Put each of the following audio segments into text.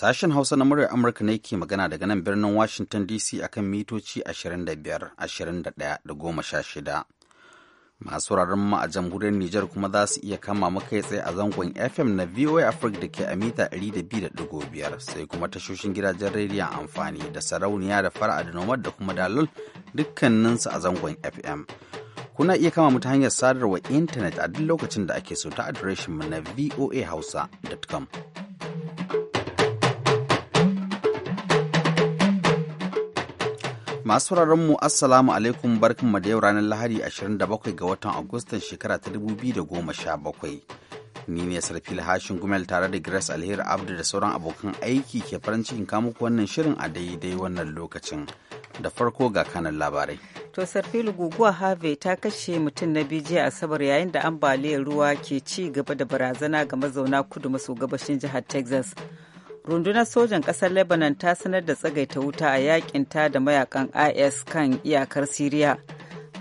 Sashen Hausa na muryar Amurka ne ke magana daga nan birnin Washington DC akan mitoci 25, 21 da 16. Masu wuraren mu a jamhuriyar Nijar kuma za su iya kama mu kai tsaye a zangon FM na VOA Africa da ke a mita 200.5 sai kuma tashoshin gidajen rediyon amfani da sarauniya da fara'a da nomad da kuma dalol dukkaninsu a zangon FM. Kuna iya kama mu ta hanyar sadarwa intanet a duk lokacin da ake so ta adireshin mu na voahausa.com. Masu mu Assalamu alaikum mu da yau ranar Lahadi 27 ga watan Agustan shekara ta 2017. Ni ne sarfi Hashin Gumel tare da Grace Alheri Abdu da sauran abokan aiki ke farin cikin kamu wannan shirin a daidai wannan lokacin. Da farko ga kanan labarai. To Sarfilu guguwa Harvey ta kashe mutum na biyu jiya Asabar yayin da ambaliyar ruwa ke ci gaba da barazana ga mazauna kudu maso gabashin jihar Texas. rundunar sojan ƙasar lebanon ta sanar da tsagaita wuta a yakin ta da mayakan is kan iyakar siriya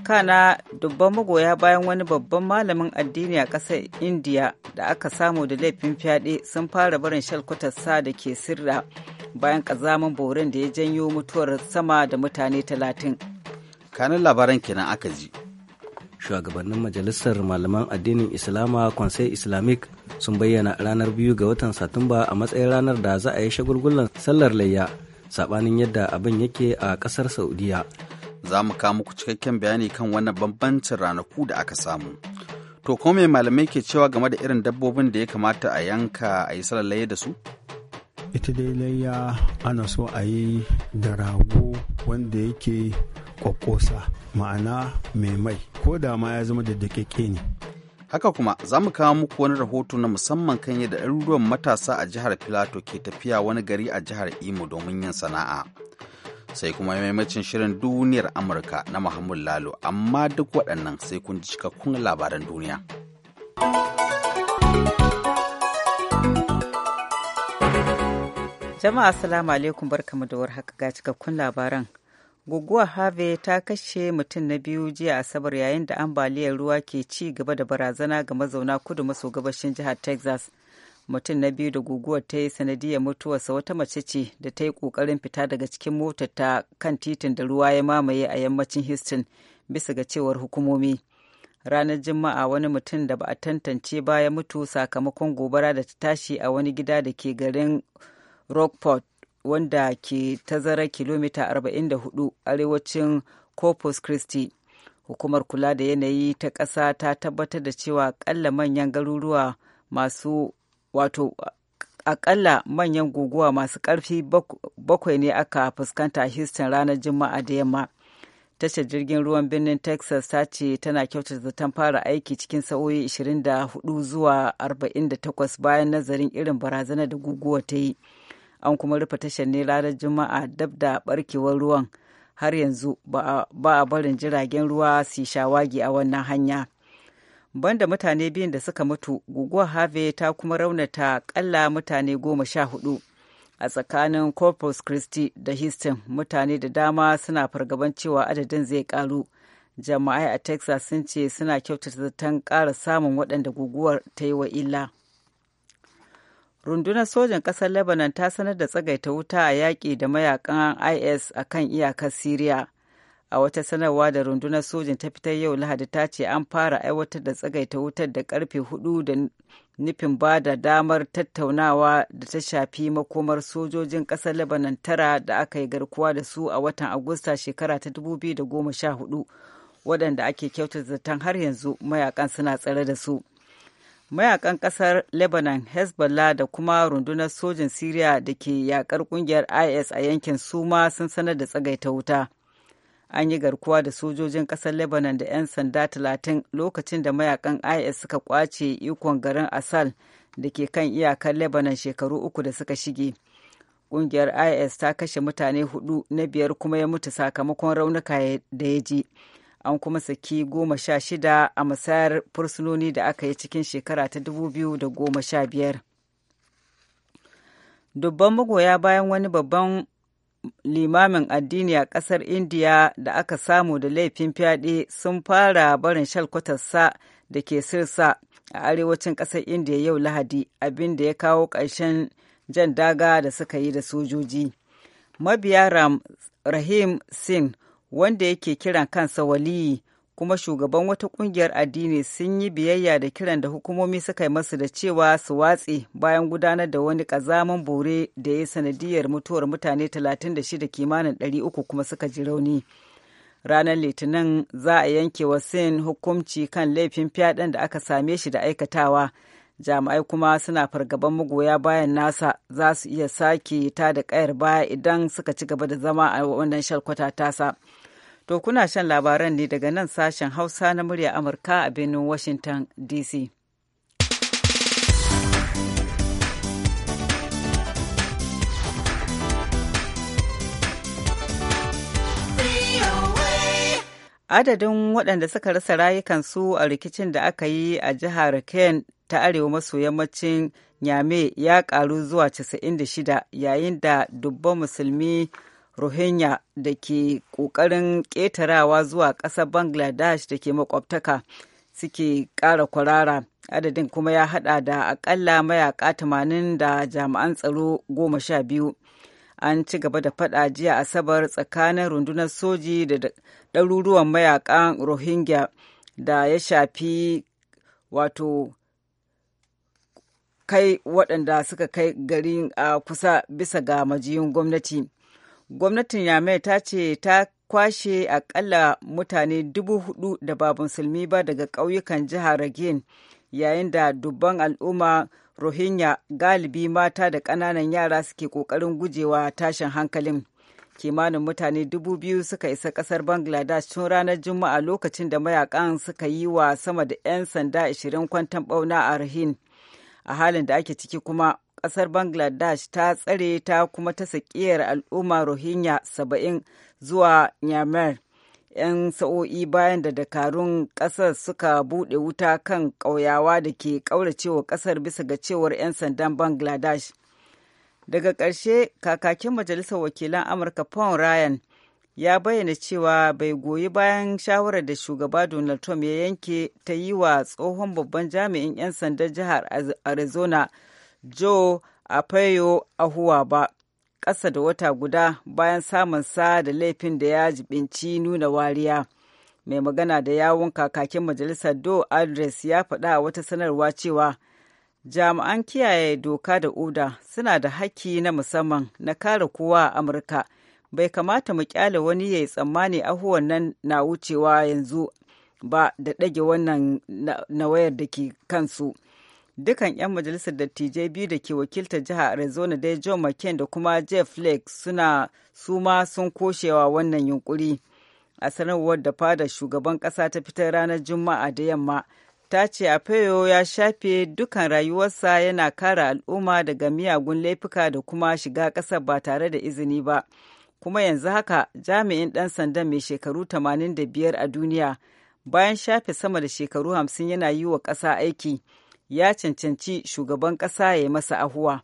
kana dubban magoya bayan wani babban malamin addini a ƙasar indiya da aka samu da laifin fyaɗe sun fara barin sa da ke sirra bayan ƙazamin borin da ya janyo mutuwar sama da mutane talatin kanin labaran kenan aka ji shugabannin majalisar malaman addinin islama kwansai islamic sun bayyana ranar biyu ga watan satumba a matsayin ranar da za a yi shagulgulan sallar layya sabanin yadda abin yake a kasar saudiya za mu kawo muku cikakken bayani kan wannan bambancin ranaku da aka samu to ko mai malamai ke cewa game da irin dabbobin da ya kamata a yanka a yi sallar layya da su ita dai layya ana so a yi da rago wanda yake kwakkosa ma'ana mai mai ko da ma ya zama da dakeke ne haka kuma za mu kawo muku wani rahoto na musamman kan yadda ɗaruruwan matasa a jihar filato ke tafiya wani gari a jihar imo domin yin sana'a sai kuma maimacin shirin duniyar amurka na muhammad lalo amma duk waɗannan sai kun ji cikakkun labaran duniya jama'a salamu alaikum barkamu da warhaka ga cikakkun labaran guguwar harvey ta kashe mutum na biyu jiya asabar yayin da ambaliyar ruwa ke ci gaba da barazana ga mazauna kudu maso gabashin jihar texas mutum na biyu da guguwar ta yi sanadiyar mutuwarsa wata mace ce da ta yi kokarin fita daga cikin motar ta kan titin da ruwa ya mamaye a yammacin houston bisa ga cewar hukumomi ranar juma'a wani mutum da ba a tantance ba ya mutu sakamakon gobara da ta tashi a wani gida da ke garin rockport wanda ke tazara kilomita 44 arewacin corpus christi hukumar kula da yanayi ta ƙasa ta tabbatar da cewa ƙalla manyan garuruwa masu wato akalla manyan guguwa masu ƙarfi bakwai ne aka fuskanta a Houston ranar Juma'a da yamma. Tashar jirgin ruwan birnin Texas ta ce tana kyautata zaton fara aiki cikin sa'o'i 24 zuwa 48 bayan nazarin irin barazana da guguwa ta yi. an kuma rufe tashar ne ranar juma'a dab da barkewar ruwan har yanzu ba a barin jiragen ruwa su shawagi a wannan hanya banda mutane biyun da suka mutu guguwar harvey ta kuma raunata kalla mutane goma sha hudu a tsakanin corpus christi da houston mutane da dama suna fargaban cewa adadin zai karu jama'ai a texas sun ce suna kyautata zaton kara samun waɗanda guguwar ta yi wa illa rundunar sojan ƙasar lebanon ta sanar da tsagaita wuta a yaƙi da mayakan is a kan iyakar syria a wata sanarwa da rundunar sojan ta fitar yau lahadi ta ce an fara aiwatar da tsagaita wutar da karfe hudu da nufin ba da damar tattaunawa da ta shafi makomar sojojin ƙasar lebanon tara da aka yi garkuwa da su a watan agusta shekara ta 2014 waɗanda ake kyautar zaton har yanzu mayakan suna tsare da su. mayakan kasar lebanon hezbollah da kuma rundunar sojin syria da ke yakar kungiyar is a yankin suma sun sanar da tsagaita wuta an yi garkuwa da sojojin kasar lebanon da 'yan sanda 30 lokacin da mayakan is suka kwace ikon garin asal da ke kan iyakar lebanon shekaru uku da suka shige kungiyar is ta kashe mutane hudu na biyar kuma ya mutu sakamakon raunuka da ya ji an kuma saki goma sha shida a matsayar fursunoni da aka yi cikin shekara ta dubu biyu da goma sha biyar dubban magoya bayan wani babban limamin addini a ƙasar indiya da aka samu da laifin fyaɗe sun fara barin shalkwatarsa da ke sirsa a arewacin ƙasar indiya yau lahadi abin da ya kawo ƙarshen jan daga da suka yi da sojoji mabiya rahim sin wanda yake kiran kansa waliyi kuma shugaban wata kungiyar addini sun yi biyayya da kiran da hukumomi suka yi masu da cewa su watse bayan gudanar da wani kazaman bore da ya sanadiyar mutuwar mutane 36 kimanin 300 kuma suka ji rauni ranar litinin za a yanke wa sin hukunci kan laifin fyaɗen da aka same shi da aikatawa jami'ai kuma suna fargaban magoya bayan nasa za su iya sake ta da kayar baya idan suka ci gaba da zama a wannan shalkwata tasa to kuna shan labaran ne daga nan sashen hausa na murya amurka a birnin washington dc adadin waɗanda suka rasa rayukansu a rikicin da aka yi a jihar kent ta arewa maso yammacin nyame ya karu zuwa 96 yayin da dubban musulmi rohingya da ke kokarin ƙetarawa zuwa ƙasar bangladesh da ke makwabtaka suke ƙara kwarara adadin kuma ya hada da akalla mayaka 80 da jami'an tsaro 12 an ci gaba da fada jiya asabar tsakanin rundunar soji da ɗaruruwan mayakan rohingya da ya shafi wato kai waɗanda suka kai gari a kusa bisa ga majiyun gwamnati gwamnatin yamai ta ce ta kwashe akalla mutane dubu hudu da ba musulmi ba daga ƙauyukan jihar ragin yayin da dubban al'umma Rohingya galibi mata da ƙananan yara suke ƙoƙarin gujewa tashin hankalin. Kimanin mutane dubu biyu suka isa ƙasar Bangladesh tun ranar Juma'a lokacin da mayakan suka yi wa sama da 'yan sanda 20 kwantan ɓauna a Rahin. a halin da ake ciki kuma ƙasar bangladesh ta tsare ta kuma ta sakiyar al'umma rohingya saba'in zuwa nyamar 'yan sa'o'i bayan da dakarun ƙasar suka buɗe wuta kan ƙauyawa da ke ƙauracewa ƙasar bisa ga cewar 'yan sandan bangladesh daga ƙarshe kakakin majalisar wakilan amurka paul ryan ya bayyana cewa bai goyi bayan shawarar da shugaba Donald Trump ya yanke ta yi wa tsohon babban jami'in 'yan sandan jihar Arizona Joe Arpaio Ahuwa ba, ƙasa da wata guda bayan samun sa da laifin da ya jibinci nuna wariya. Mai magana da yawon kakakin majalisar Do adres ya faɗa a wata sanarwa cewa jami'an kiyaye doka da oda suna da haƙƙi na musamman na kare kowa a Amurka. bai kamata mu kyale wani ya yi tsammani ahuwan nan na wucewa yanzu ba da ɗage wannan nawayar da ke kansu. Dukan 'yan majalisar dattijai biyu da ke wakiltar jiha Arizona dai John McCain da kuma Jeff Flake suna suma sun koshewa wannan yunkuri. A sanarwar da fada shugaban ƙasa ta fitar ranar Juma'a da yamma, ta ce a feyo ya shafe dukan rayuwarsa yana kara al'umma daga miyagun laifuka da kuma shiga ƙasar ba tare da izini ba. kuma yanzu haka jami'in ɗan sandan mai shekaru 85 a duniya bayan shafe sama da shekaru 50 yana yi wa ƙasa aiki ya cancanci shugaban ƙasa ya yi masa ahuwa.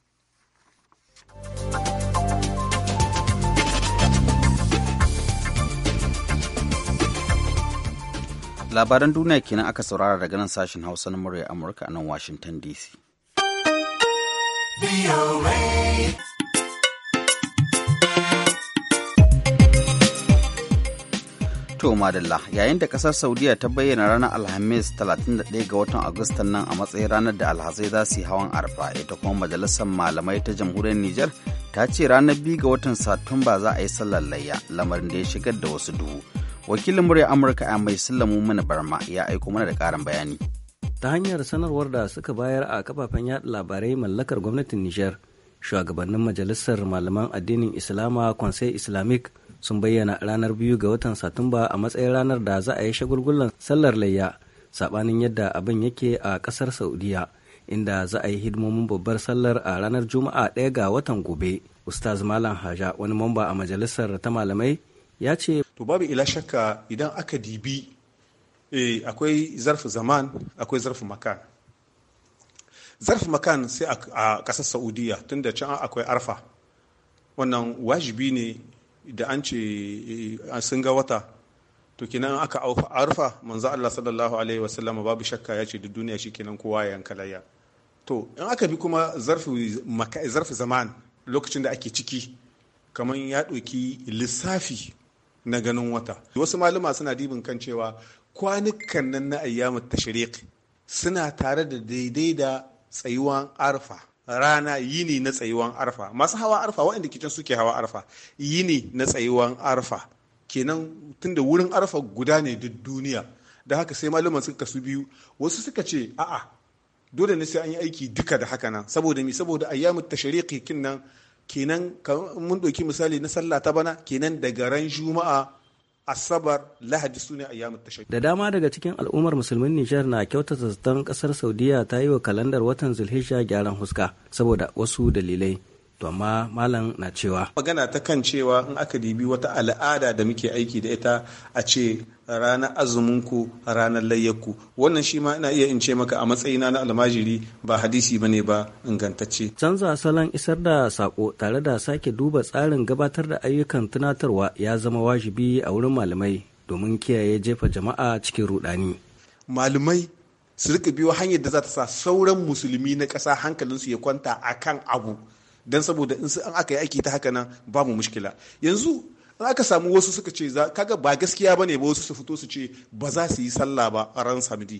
Labaran duniya kenan aka saurara daga nan sashen Hausa na murya Amurka a nan Washington DC. To madalla yayin da kasar Saudiya ta bayyana ranar Alhamis 31 ga watan Agustan nan a matsayin ranar da alhazai za su yi hawan arfa ita kuma majalisar malamai ta jamhuriyar Nijar ta ce ranar 2 ga watan Satumba za a yi sallar layya lamarin da ya shigar da wasu duhu. Wakilin murya Amurka a mai sallamu mana barma ya aiko mana da ƙarin bayani. Ta hanyar sanarwar da suka bayar a kafafen yaɗa labarai mallakar gwamnatin Nijar, shugabannin majalisar malaman addinin Islama conseil Islamic sun bayyana ranar biyu ga watan satumba a matsayin ranar da za a yi shagulgulan sallar layya sabanin yadda abin yake a kasar saudiya inda za a yi hidimomin babbar sallar a ranar juma'a ɗaya ga watan gobe ustaz malam haja wani mamba a majalisar ta malamai ya ce to babu ila shakka idan aka dibi eh, akwai zarfi zaman akwai zarfi makan zarfi makan sai a kasar saudiya tunda can akwai arfa wannan wajibi ne da an ce eh, sun ga wata to kinan aka arfa manzo Allah sallallahu alaihi wasallam babu shakka ya ce duniya duniya kenan kowa ya yanka layya to in aka bi kuma zarfi zaman lokacin da ake ciki kamar ya ɗauki lissafi na ganin wata wasu malama suna dibin kan cewa kwanukan nan na ayyamu tashriq suna tare da daidai da tsayuwan arfa rana yini na tsayuwan arfa masu hawa arfa waɗanda kicin suke hawa arfa yini na tsayuwan arfa kenan tunda wurin arfa guda ne duk duniya da haka sai malaman suka kasu biyu wasu suka ce a'a dole ne sai an yi aiki duka da haka nan saboda mi saboda ayyamu tashriqi kinnan kenan mun ɗauki misali na sallah ta bana kenan daga ran juma'a asabar lahadi su ne ayyamin tashar. da dama daga cikin al'ummar musulmin nijar na kyautata zaton kasar saudiya ta yi wa kalandar watan zulhijja gyaran huska saboda wasu dalilai to amma malam na cewa magana ta kan cewa in aka dibi wata al'ada da muke aiki da ita a ce ranar ku ranar layyakku wannan shi ma ina iya in ce maka a matsayina na almajiri ba hadisi bane ba ingantacce canza salon isar da sako tare da sake duba tsarin gabatar da ayyukan tunatarwa ya zama wajibi a wurin malamai domin kiyaye jefa jama'a cikin rudani malamai su rika biyo hanyar da za ta sa sauran musulmi na ƙasa hankalinsu ya kwanta akan abu don saboda in an aka yi aiki ta haka nan babu mushkila yanzu in aka samu wasu suka ce kaga ba gaskiya ba ne ba wasu su fito su ce ba za su yi sallah ba a ran samdi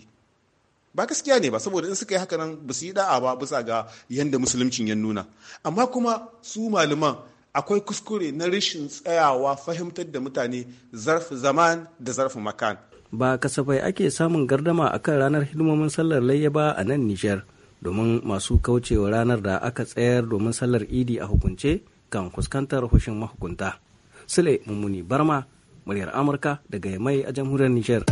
ba gaskiya ne ba saboda in suka yi haka nan ba su yi da'a ba bisa ga yanda musulunci ya nuna amma kuma su malaman akwai kuskure na rashin tsayawa fahimtar da mutane zarf zaman da zarf makan ba kasafai ake samun gardama akan ranar hidimomin sallar layya ba a nan nijar domin masu kaucewa ranar da aka tsayar domin sallar idi a hukunce kan fuskantar hushin mahukunta. Sule Mummuni Barma, muryar Amurka daga mai a jamhuriyar Nijar.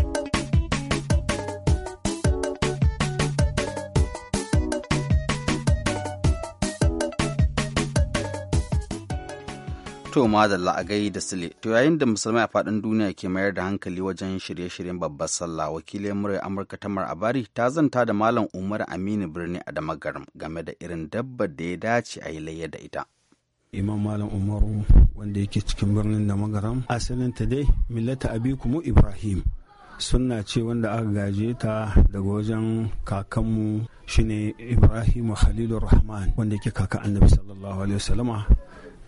To madalla a gai da sile, to yayin da musulmai a faɗin duniya ke mayar da hankali wajen shirye-shiryen babbar sallah wakilin murai Amurka Tamar Abari ta zanta da Malam Umar Aminu Birni a Damagaram game da irin dabbar da ya dace a yi layya da ita. Imam Malam Umaru wanda yake cikin birnin Damagaram asalin ta dai millata abikumu Ibrahim sunna ce wanda aka gaje ta daga wajen kakanmu shine Ibrahim Khalilur Rahman wanda yake kaka Annabi sallallahu alaihi wasallama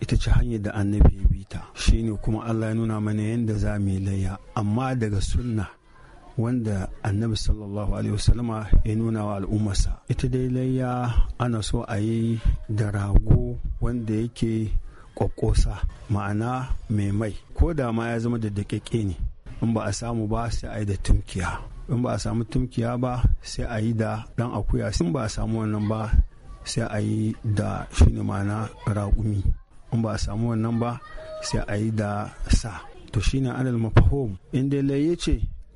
ita ce hanyar da annabi ya bi ta shine kuma Allah ya nuna mana yadda za mu yi layya amma daga sunna wanda annabi sallallahu alaihi wasallama ya nuna wa al'ummarsa ita dai layya ana so a yi da rago wanda yake kwakkosa ma'ana mai mai ko da ma ya zama da daƙaƙe ne in ba a samu ba sai a yi da tumkiya in ba a samu tumkiya ba sai a yi da ɗan akuya in ba a samu wannan ba sai a yi da shi ne ma'ana raƙumi in ba a samu wannan ba sai a yi da sa to shine alal mafahom in dai laye ce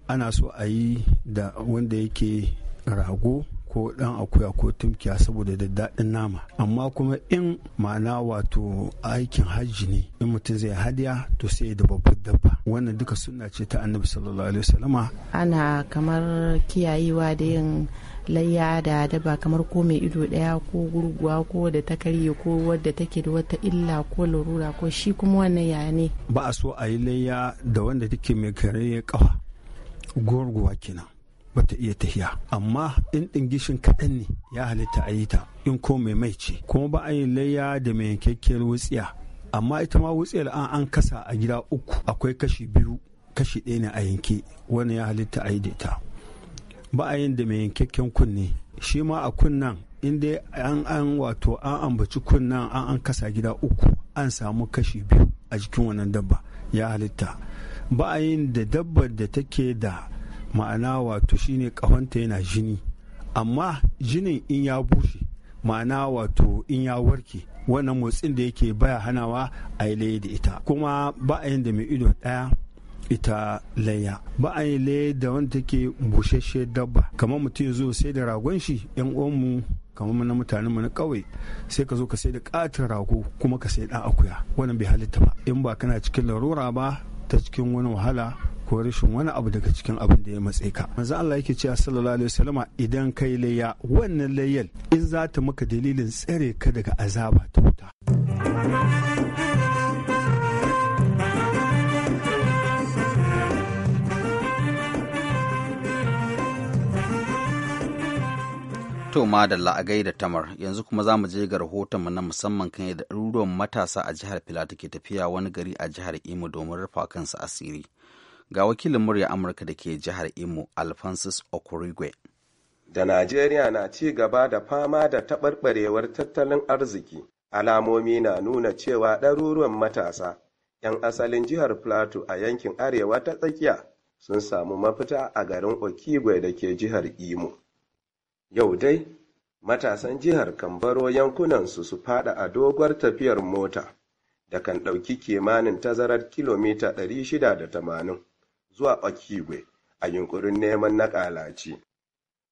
ana so a yi da wanda yake rago ko dan akuya ko tumkiya saboda da daɗin nama amma kuma in ma'ana wato aikin hajji ne in mutum zai hadiya to sai da babbar dabba wannan duka suna ce ta annabi sallallahu alaihi wasallama ana kamar kiyayewa da yin layya da daba kamar ko mai ido daya ko gurguwa ko da ta karye ko wadda take da wata illa ko larura ko shi kuma wannan ya ne ba a so a yi layya da wanda take mai karye kafa gurguwa kenan bata iya tahiya amma in gishin kaɗan ne ya halitta a yi ta in ko mai mai ce kuma ba a yi layya da mai yankakkiyar wutsiya amma ita ma wutsiyar an an kasa a gida uku akwai kashi biyu kashi ɗaya ne a yanke wani ya halitta a yi da ita ba'ayin da mai yankakken kunne shi ma a kunnan inda an an wato an ambaci kunnan an an kasa gida uku an samu kashi biyu a jikin wannan dabba ya halitta ba'ayin da dabbar da take da ma'ana wato shine kahonta yana jini amma jinin in ya bushe ma'ana wato in ya warke wannan motsin da yake baya hanawa a yi da ita kuma ba da mai ido ɗaya ita layya ba a yi da wanda take bushashe dabba kamar mutum ya zo sai da ragon shi yan uwanmu kamar na mutane mana kawai sai ka zo ka sai da katin rago kuma ka sai da akuya wannan bai halitta ba in ba kana cikin larura ba ta cikin wani wahala ko rashin wani abu daga cikin abin da ya matse ka manzo Allah yake cewa sallallahu alaihi wasallama idan kai layya wannan layyal in za ta maka dalilin tsare ka daga azaba ta wuta To da la'agai da tamar yanzu kuma za mu je ga rahoton mu na musamman kan yadda ɗaruruwan matasa a jihar Filato ke tafiya wani gari a jihar Imo domin rufa kansu asiri. Ga wakilin murya Amurka da ke jihar Imo Alphonsus Okurigwe. Da Najeriya na ci gaba da fama da taɓarɓarewar tattalin arziki, alamomi na nuna cewa ɗaruruwan matasa 'yan asalin jihar Filato a yankin arewa ta tsakiya sun samu mafita a garin Okigwe da ke jihar Imo. Yau dai, matasan jihar kan baro yankunansu su faɗi a doguwar tafiyar mota da kan ɗauki kimanin tazarar kilomita 680 zuwa Okigwe a yunkurin neman na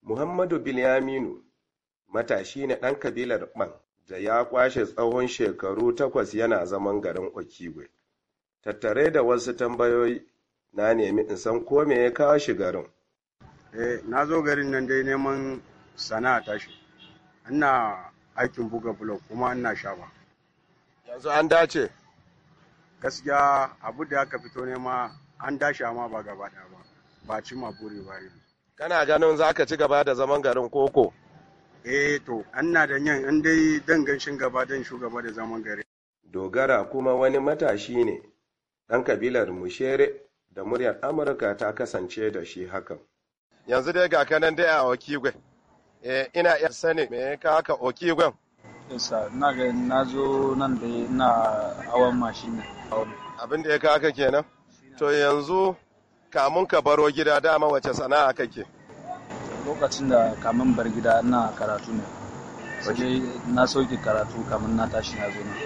Muhammadu Bilyaminu, matashi ne ɗan kabilar ɓan da ya kwashe tsawon shekaru takwas yana zaman garin Okigwe. Tattare da wasu tambayoyi na nemi in san ko me ya kawo shi garin. Eh, na zo garin nan dai neman sana'a tashi ina aikin buga blog kuma ina shafa yanzu an dace gaskiya abu da aka fito ma an dace amma ba gaba ɗaya ba ba ci ma buri ba yi kana ganin za ka ci gaba da zaman garin koko eh to na da yan in dai dan ganshin gaba dan shugaba da zaman gari dogara kuma wani matashi ne dan kabilar mushere da muryar amurka ta kasance da shi hakan yanzu dai ga kanan dai a wakigwe Eh, ina iya sani me ka haka oki gwan isa na ga na zo nan da ina hawan mashin abin da ya ka haka kenan to yanzu kamun ka baro gida dama wace sana'a kake lokacin da kamun bar gida ina karatu ne sai na sauke karatu kamun na tashi na zo nan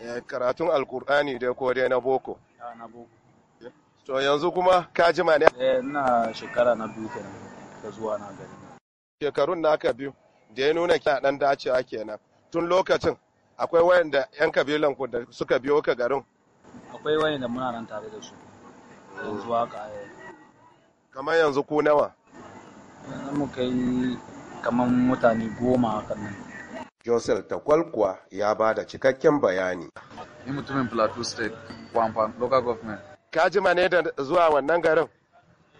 eh, karatun alkur'ani da ko dai na boko na boko to yanzu kuma ka jima ne eh, ina shekara na biyu kenan da zuwa na gari shekarun naka biyu da ya nuna kina dan dacewa kenan tun lokacin akwai wayanda yan kabilan ku da suka biyo ka garin akwai wayanda muna nan tare da su yanzu haka eh. kamar yanzu ku nawa yanzu mu kai kamar mutane goma hakan nan Joseph takwalkwa ya ba da cikakken bayani. Ni mutumin Plateau State, Kwamfan, local government. Ka jima ne da zuwa wannan garin?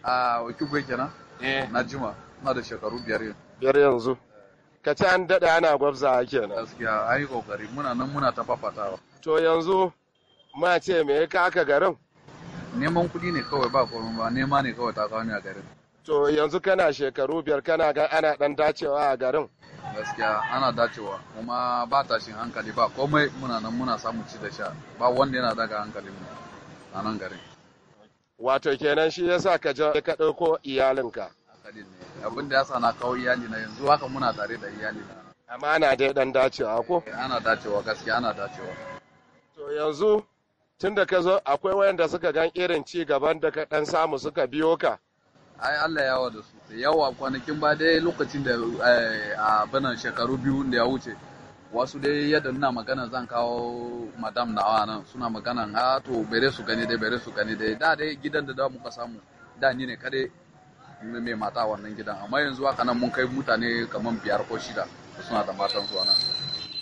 A Okigwe kenan? Eh. Na jima. na da shekaru biyar yanzu biyar yanzu ka ci an daɗe ana gwabza kenan gaskiya yi ƙoƙari muna nan muna ta fafatawa to yanzu ma ce me ya kaka garin neman kuɗi ne kawai ba komai ba nema ne kawai ta kawo ni a garin to yanzu kana shekaru biyar kana ga ana dan dacewa a garin gaskiya ana dacewa kuma ba tashin hankali ba komai muna nan muna samu ci da sha ba wanda yana daga hankali mu a nan garin wato kenan shi yasa ka je ka ɗauko iyalinka abin ya sa na kawo iyali na yanzu haka muna tare da iyali na amma ana dai dan dacewa ko eh, ana dacewa gaskiya ana dacewa to yanzu tun da ka zo akwai wayanda suka gan irin ci gaban da ka dan samu suka biyo ka ai Allah ya da su yawa kwanakin ba dai lokacin da eh, a banan shekaru biyu da ya wuce wasu dai yadda nuna magana zan kawo madam nawa nan suna magana ha ah, to bere su gani dai bere su gani dai da dai gidan da da muka samu da ni ne kadai mai mata a wannan gidan amma yanzu haka nan mun kai mutane kamar biyar ko shida suna da matan su nan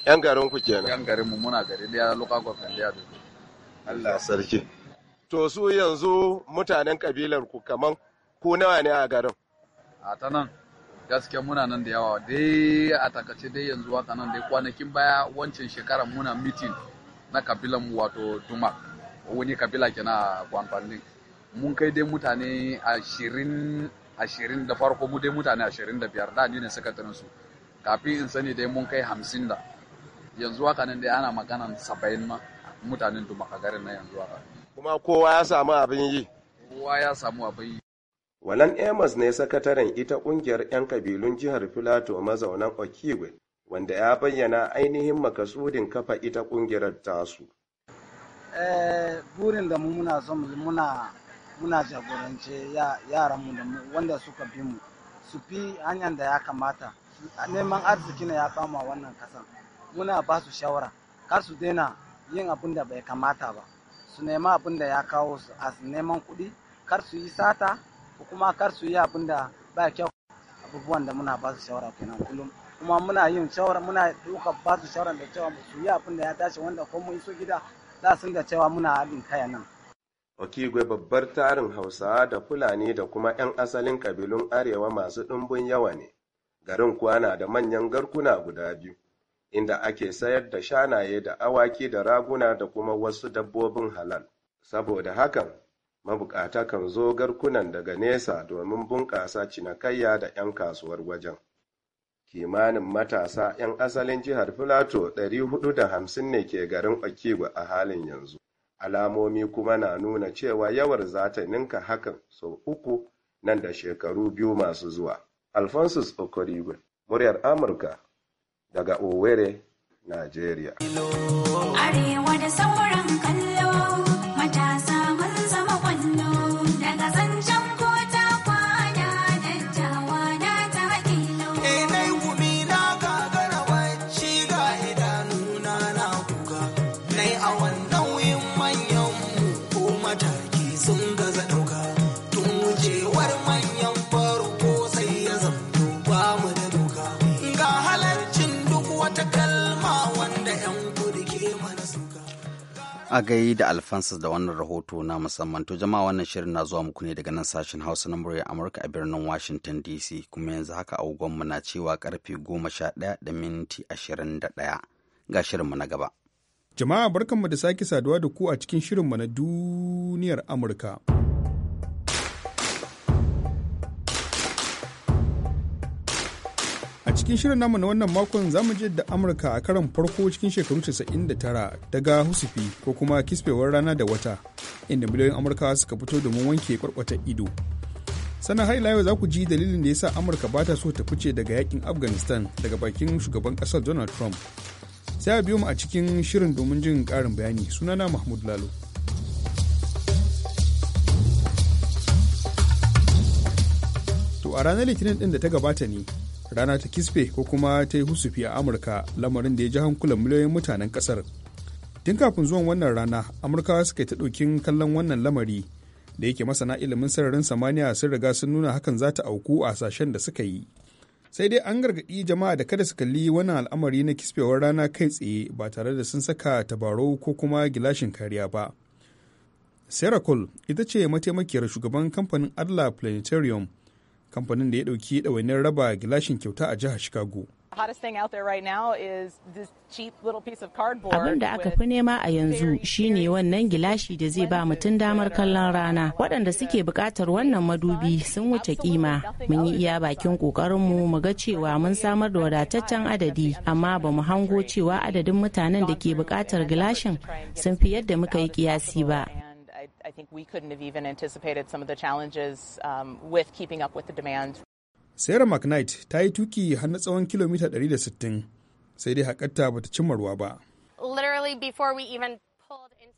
yan garin ku kenan yan garin mu muna gari da local government liya Allah sarki to su yanzu mutanen kabilar ku kaman ku nawa ne a garin a ta nan gaskiya muna nan da yawa dai a takace dai yanzu haka nan dai kwanakin baya wancan shekarar muna mitin na kabilan mu wato duma wani kabila kenan a kwamfani mun kai dai mutane ashirin ashirin da farko mu dai mutane ashirin da biyar da ni ne sakatarin su kafin in sani dai mun kai hamsin da yanzu haka nan dai ana maganan saba'in ma mutanen dumaka garin na yanzu haka. kuma kowa ya samu abin yi kowa ya samu abin yi Wannan Amos ne sakataren ita kungiyar 'yan kabilun jihar Filato mazaunan Okigwe, wanda ya bayyana ainihin makasudin kafa ita kungiyar tasu. Eh, burin da mu muna son muna muna jagorance yaranmu da wanda suka bi mu su fi hanyar da ya kamata neman arziki ne ya bama wannan kasan muna ba su shawara kar su daina yin abin da bai kamata ba su nema abin da ya kawo su a neman kuɗi kar su yi sata ko kuma kar su yi abin da ba kyau abubuwan da muna ba su shawara kenan kullum kuma muna yin shawara muna duka ba su shawara da cewa su yi abin da ya dace wanda ko mun iso gida za su da cewa muna haɗin kaya nan Okigwe babbar tarin Hausawa da Fulani da kuma 'yan asalin ƙabilun Arewa masu ɗumbin yawa ne, garin kuwa na da manyan garkuna guda biyu, inda ake sayar da shanaye da awaki da raguna da kuma wasu dabbobin halal. Saboda hakan, mabukata kan zo garkunan daga nesa domin bunƙasa cinikayya da 'yan kasuwar wajen. Kimanin matasa 'yan asalin jihar Filato 450 ne ke garin Okigwe a halin yanzu. alamomi kuma na nuna cewa yawar za ta ninka hakan sau uku nan da shekaru biyu masu zuwa. Alphonsus Okorigwe, muryar Amurka daga Owerri, Najeriya. Arewa da a gai da alfansus da wannan rahoto na musamman to jama'a wannan shirin na zuwa muku ne daga nan sashen hausa na murya amurka a birnin washington dc kuma yanzu haka agogonmu na cewa karfe goma sha ɗaya da minti ashirin da ɗaya ga shirinmu na gaba jama'a barkanmu da sake saduwa da ku a cikin shirinmu na duniyar amurka cikin shirin namu na wannan makon zamu je da Amurka a karan farko cikin shekaru 99 daga husufi ko kuma kisfewar rana da wata inda miliyoyin amurka suka fito domin wanke kwarkwata ido. sana har yau za ku ji dalilin da ya sa Amurka ba ta so ta fice daga yakin Afghanistan daga bakin shugaban ƙasar Donald Trump. Sai a biyo mu a cikin shirin domin jin ƙarin bayani sunana Mahmud Lalo. To a ranar Litinin ɗin da ta gabata ne rana ta kisfe ko kuma ta yi husufi a amurka lamarin da ya ji hankulan miliyoyin mutanen kasar tun kafin zuwan wannan rana amurkawa suka yi ta ɗaukin kallon wannan lamari da yake masana ilimin sararin samaniya sun riga sun nuna hakan za ta auku a sashen da suka yi sai dai an gargaɗi jama'a da kada su kalli wannan al'amari na kisfewar rana kai tsaye ba tare da sun saka tabarau ko kuma gilashin kariya ba sarah cole ita ce mataimakiyar shugaban kamfanin adla planetarium kamfanin da ya ɗauki ɗawainiyar raba gilashin kyauta a jihar chicago Abin da aka fi nema a yanzu shine wannan gilashi da zai ba mutum damar kallon rana. Waɗanda suke buƙatar wannan madubi sun wuce kima. Mun yi iya bakin ƙoƙarinmu mu ga cewa mun samar da wadataccen adadi, amma ba mu hango cewa adadin mutanen da ke buƙatar gilashin sun fi yadda muka yi ƙiyasi ba. I think we couldn't have even anticipated some of the challenges um, with keeping up with the demand. Sarah McKnight ta yi tuki har na tsawon kilomita 160 sai dai hakarta bata cimma ruwa ba. Literally before we even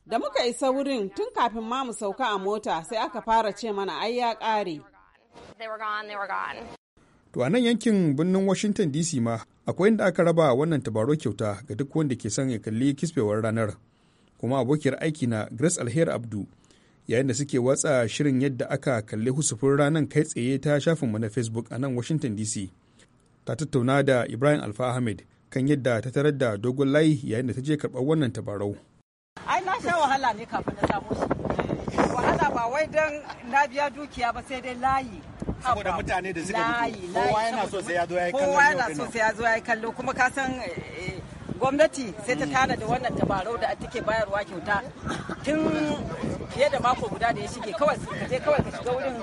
Da muka isa wurin tun kafin ma mu sauka a mota sai aka fara ce mana ai ya kare To a nan yankin birnin Washington DC ma akwai inda aka raba wannan tabaro kyauta ga duk wanda ke son ya kalli kisbewar ranar. Kuma abokiyar aiki na Grace alher Abdu yayin da suke watsa shirin yadda aka kalli husufin ranar kai tsaye ta shafinmu na facebook a nan washington dc ta tattauna da ibrahim alfa ahmed kan yadda ta tarar da dogon layi yayin da ta je karɓar wannan tabarau ai na sha wahala ne kafin na samu shi wahala ba wai don na biya dukiya ba sai dai layi saboda mutane da suka kowa yana so sai ya zo ya kallo kuma ka san eh, gwamnati sai ta tana da wannan tabarau da take bayarwa kyauta tun fiye da mako guda da ya shige kawai ka je kawai ka shiga wurin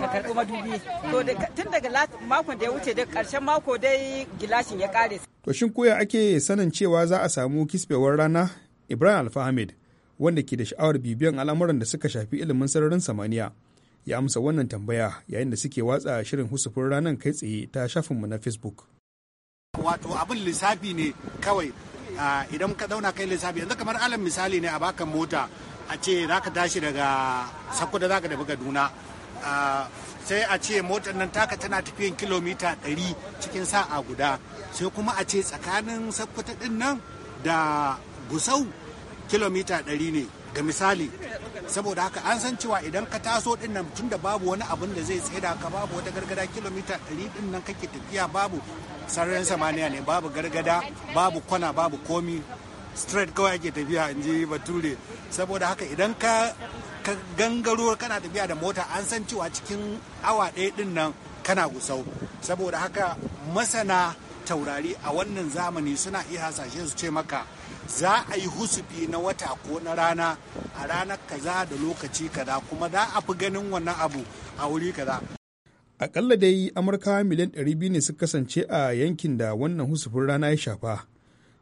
ka karɓi madubi to tun daga makon da ya wuce da karshen mako dai gilashin ya kare to shin koya ake sanin cewa za a samu kisbewar rana ibrahim alfahamid wanda ke da sha'awar bibiyan al'amuran da suka shafi ilimin sararin samaniya ya amsa wannan tambaya yayin da suke watsa shirin husufin ranar kai tsaye ta shafinmu na facebook wato abin lissafi ne kawai idan ka zauna kai lissafi yanzu kamar alam misali ne a baka mota a ce za ka tashi daga sakuda za ka tafi kaduna sai a ce motar nan taka tana tafiyan kilomita 100 cikin sa'a guda sai kuma a ce tsakanin sakuta din nan da gusau kilomita 100 ne ga misali saboda haka an san cewa idan ka taso din nan tun da babu wani abun da zai tsaida ka babu wata gargada kilomita 100 din nan kake tafiya babu sararin samaniya ne babu gargada babu kwana babu komi straight kawai ake tafiya in ji bature saboda haka idan ka gangaro kana tafiya da mota an san cewa cikin awa ɗaya din nan kana gusau saboda haka masana taurari a wannan zamani suna iya hasashe su ce maka za a yi husufi na wata ko na rana a ranar kaza da lokaci kaza kuma za a fi ganin wannan abu a wuri kaza akalla dai amurka miliyan 200 ne suka kasance a yankin da wannan husufin rana ya shafa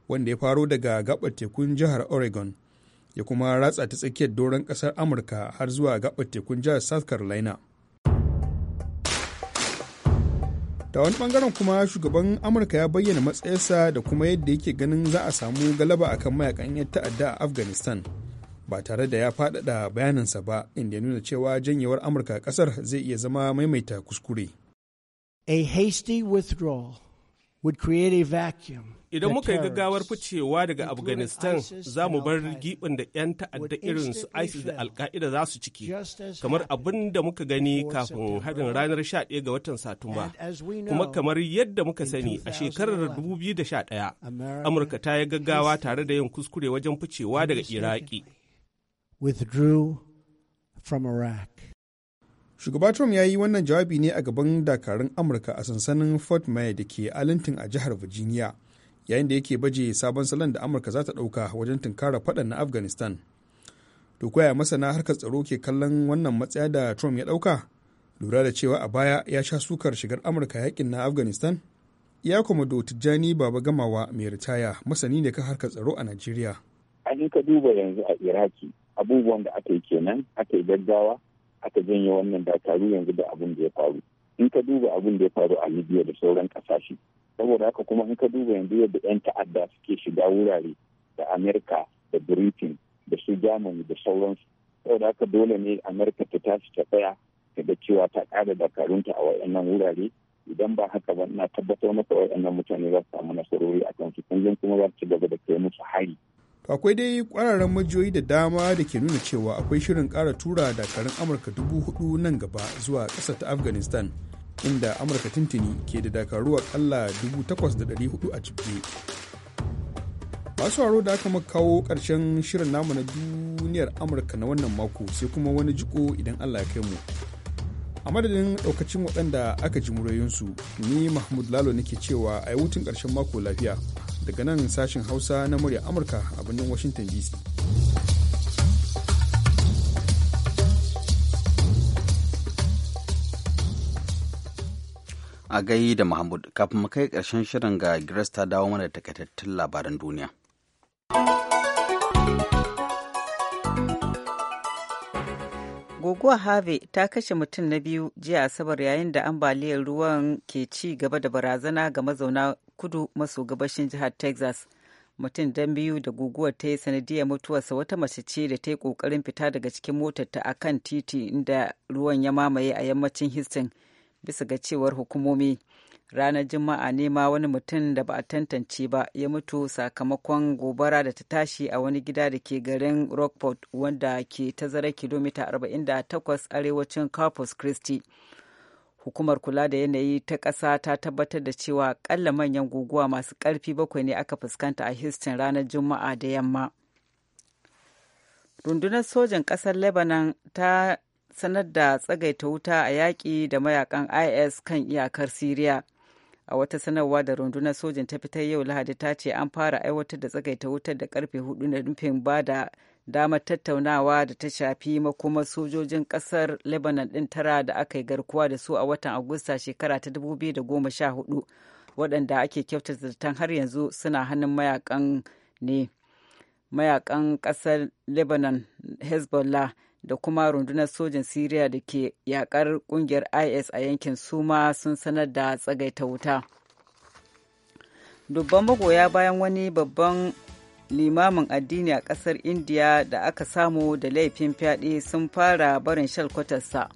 wanda ya faro daga gabar tekun jihar oregon ya kuma ratsa ta tsakiyar doron kasar amurka har zuwa gabar tekun jihar south carolina da wani bangaren kuma shugaban amurka ya bayyana matsayarsa da kuma yadda yake ganin za a samu galaba akan mayakan 'yan ta'adda a afghanistan ba tare da ya faɗaɗa bayaninsa ba inda ya nuna cewa janyewar amurka ƙasar zai iya zama maimaita kuskure a hasty withdrawal would create a vacuum. Idan muka yi gaggawar ficewa daga Afghanistan za mu bar gibin da 'yan ta'adda irin su ISIS da Al-Qaida za su ciki, kamar abin da muka gani kafin harin ranar 11 ga watan Satumba. Kuma kamar yadda muka sani a shekarar 2011, Amurka ta yi gaggawa tare da yin kuskure wajen ficewa daga Iraki. from Iraq. shugaba trump ya yi wannan jawabi ne a gaban dakarun amurka a sansanin fort may da ke alintin a jihar virginia yayin da yake baje sabon salon da amurka za ta ɗauka wajen tunkara faɗan na afghanistan to koya masana harkar tsaro ke kallon wannan matsaya da trump ya ɗauka lura da cewa a baya ya sha sukar shigar amurka yakin na afghanistan ya komodo tijjani baba gamawa mai ritaya masani ne kan harkar tsaro a najeriya an ka duba yanzu a iraki abubuwan da aka yi kenan aka yi gaggawa aka janye wannan dakaru yanzu da abin da ya faru in ka duba abin da ya faru a libya da sauran kasashe saboda haka kuma in ka duba yanzu yadda 'yan ta'adda suke shiga wurare da amerika da britain da su germany da sauransu saboda haka dole ne amerika ta tashi ta tsaya ta ga cewa ta ƙara dakarunta a wayannan wurare idan ba haka ba na tabbatar maka waɗannan mutane za su samu nasarori a kan su kullum kuma za su ci gaba da kai musu hari akwai dai kwararren majiyoyi da dama da ke nuna cewa akwai shirin ƙara tura dakarun Amurka dubu hudu nan gaba zuwa ƙasa ta Afghanistan inda Amurka tintini ke da dakaru akalla dubu takwas da dari hudu a jibge. Masu haro da aka kawo ƙarshen shirin namu na duniyar Amurka na wannan mako sai kuma wani jiko idan Allah ya kai mu. A madadin ɗaukacin waɗanda aka ji muryoyinsu ni Mahmud Lalo nake cewa a yi wutin ƙarshen mako lafiya. daga nan sashen hausa na murya amurka a birnin washington dc a gai da mahmud kafin mu kai ƙarshen shirin ga grace ta dawo mana da takaitattun labaran duniya Guguwa Harvey ta kashe mutum na biyu jiya Asabar yayin da ambaliyar ruwan ke ci gaba da barazana ga mazauna kudu maso gabashin jihar Texas. Mutum dan biyu da guguwa ta yi sanadiyar mutuwarsa wata mace ce da ta yi kokarin fita daga cikin motarta a kan titi inda ruwan ya mamaye a yammacin Houston bisa ga cewar hukumomi. ranar juma'a ne ma wani mutum da ba a tantance ba ya mutu sakamakon gobara da ta tashi a wani gida da ke garin rockport wanda ke tazara kilomita 48 arewacin corpus christi hukumar kula da yanayi ta ƙasa ta tabbatar da cewa ƙalla manyan guguwa masu ƙarfi bakwai ne aka fuskanta a houston ranar juma'a da yamma rundunar sojan ƙasar lebanon ta sanar da tsagaita wuta a yaƙi da mayakan is kan iyakar siriya a wata sanarwa da rundunar sojin ta fitar yau lahadi ta ce an fara aiwatar da tsagaita wutar da karfe hudu na nufin ba da damar tattaunawa da ta shafi makoma sojojin kasar lebanon din tara da aka yi garkuwa da su a watan agusta shekara ta 2014 waɗanda ake kyautar zartan har yanzu suna hannun mayakan ne mayakan kasar lebanon hezbollah da kuma rundunar sojin Siriya da ke yakar kungiyar IS a yankin Suma sun sanar da tsagaita wuta. Dubban magoya bayan wani babban limamin addini a kasar Indiya da aka samu da laifin fyaɗe sun fara barin shalkwatarsa.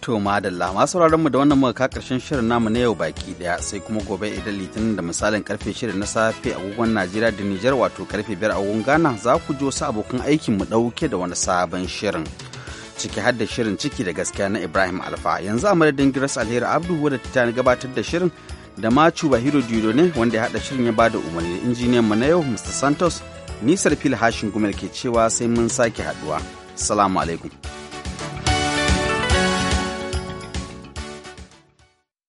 To madalla masu mu da wannan muka karshen shirin namu na yau baki daya sai kuma gobe idan litinin da misalin karfe shirin na safe agogon Najeriya da Nijar wato karfe biyar agogon Ghana za ku ji sa abokan aikin mu dauke da wani sabon shirin. Ciki har da shirin ciki da gaskiya na Ibrahim Alfa yanzu a madadin Giras Alheri Abdu wadda ta gabatar da shirin da Machu Bahiro Dido ne wanda ya hada shirin ya bada umarni da injiniyan mu na yau Mr Santos ni Sarfil hashin gumel ke cewa sai mun sake haduwa. Assalamu alaikum.